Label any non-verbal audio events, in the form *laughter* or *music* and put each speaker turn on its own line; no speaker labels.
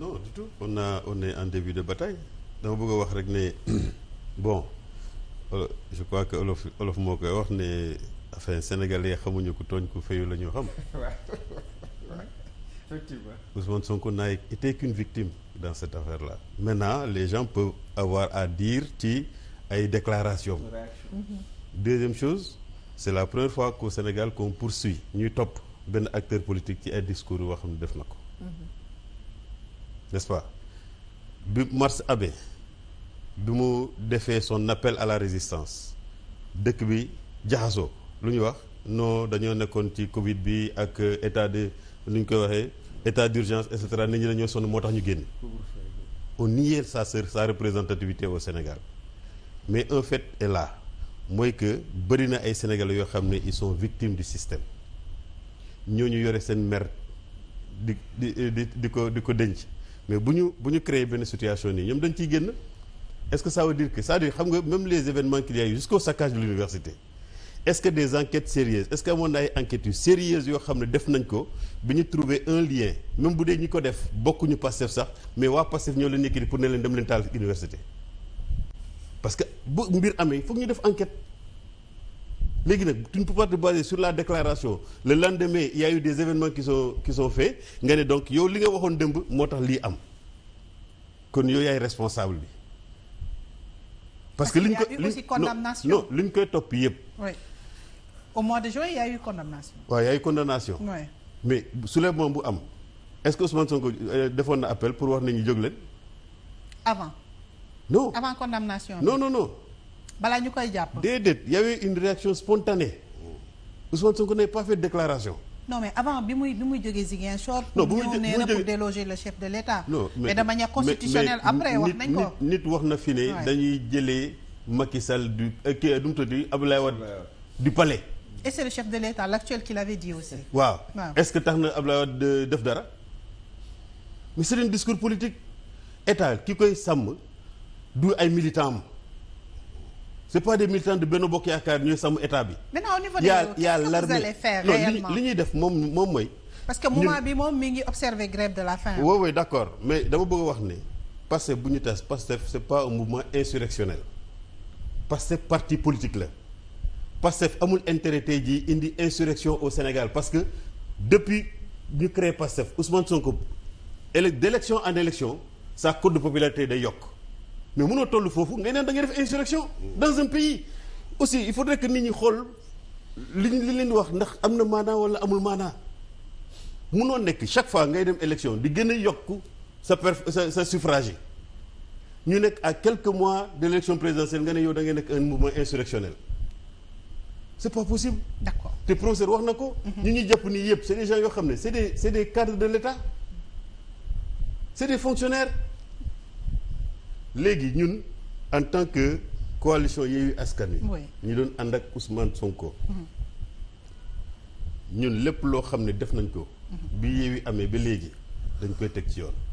non du tout on a de bataille dama bëgg wax rek ne *clears throat* bon je crois que olof olof moo koy wax ne enfin sénégalais xamuñu ko tooñ ko fayu la ñu xam. *laughs* effectivement Ousmane Sonko n'a été qu'une victime dans cette affaire là. maintenant les gens avoir à dire ci ay déclaration mhm. deuxième chose c'est la première fois qu'au Sénégal qu'on poursuit ñuy topp benn acteur politique ci ay discours yoo xam ne def na ko. Mhm. n'est-ce pas bi mars abe bi mu defee son appel à la résistance dëkk bi jaxasoo lu ñuy wax noo dañoo nekkoon ci Covid bi ak état de lu ñu koy waxee état d'urgence et cetera nit ñi dañoo sonn moo tax ñu génn. on nie sa sa représentativité au Sénégal mais un fait est là mooy que bëri na ay Sénégalais yoo xam ne ils sont victimes du système ñu yore seen mer di di di ko di ko denc. mais bu ñu bu ñu créer benn situation nii ñoom dañ ciy génn est-ce que ça veut dire que cest dire xam nga même les événements qu'il y a eu jusqu'au saccage de l'université est-ce que des enquêtes sérieuses est-ce que amoon na ay enquêtes yu sérieuses yoo xam ne def nañ ko bi ñu trouver un lien même bu dee ñi ko def bokkuñu Pastef sax mais waa Pastef ñoo leen nekk di pour ne leen dem leen taal université parce que bu mbir amee foog ñu def enquête léegi nag tu ne peux pas te baser sur la déclaration le lendemain il y des événements qui sont qui sont faits nga ne donc yow li nga waxoon dëmb moo tax lii am kon yow yaay responsable bi. parce que li ñu ko non li ñu koy topp yëpp. oui au de juin il y a eu condamnation. waaw il y mais soulèvement bu am est-ce que Ousmane Sonko euh, defoon na appel pour wax nañu jóg leen. avant. non avant balaa ñu koy jàpp. déedéet y avait une réaction spontanée Ousmane Sonko n'avait pas fait de déclaration. non mais avant bi muy bi muy jógee si non bu muy nee na pour déloger le chef de l' état. non mais mais de manière constitutionnelle après wax nit wax na fi ne dañuy jëlee Macky Sall du euh, kii du mu tudd Abdoulaye Wade du palais. et c'est le chef de l' état l' actuel qui l' avait dit waaw est ce que tax na Abdoulaye Wade euh, def dara mais c' est un discours politique état ki koy sàmm du ay militant am. c'est pas des militants de Benno Bokk Yaakaar ñooy sàmm état bi. maintenant au li ñuy def moom moom mooy. parce que moment bi moom mi ngi observer grève de la faim. oui oui d'accord mais dama bëgg a wax ne Pastef bu ñu tas Pastef c'est pas un mouvement insurrectionnel Pastef parti politique la Pastef amul intérêt tey jii indi insurrection au Sénégal parce que depuis ñu créé Pastef Ousmane Sonko ko d'élection en élection sa cote de popularité day yokk. mais mënoo toll foofu ngay neen dangay def insurrection dans un pays aussi il faudrait que nit ñi xool li li leen di wax ndax am na maanaa wala amul maanaa mënoo nekk chaque fois ngay dem élection di gën a yokk sa per sa sa ñu nekk ak quelques mois de l'élection présidentielle nga ne yow da ngay nekk un mouvement insurrectionnel c'est pas possible. d'accord te professeur wax na ko. Mhm. ñu ñuy jàpp nii yëpp c'est des gens yoo xam ne c'est des c'est des cadres de l'État c'est des fonctionnaires. léegi ñun en tant que coalition Yewwi Askan Wi ñu doon ànd ak Ousmane Sonko. Mm-hmm. ñun lépp loo xam ne def nañ ko. Mm-hmm. bi Yewwi amee ba léegi dañ koy teg ci yoon.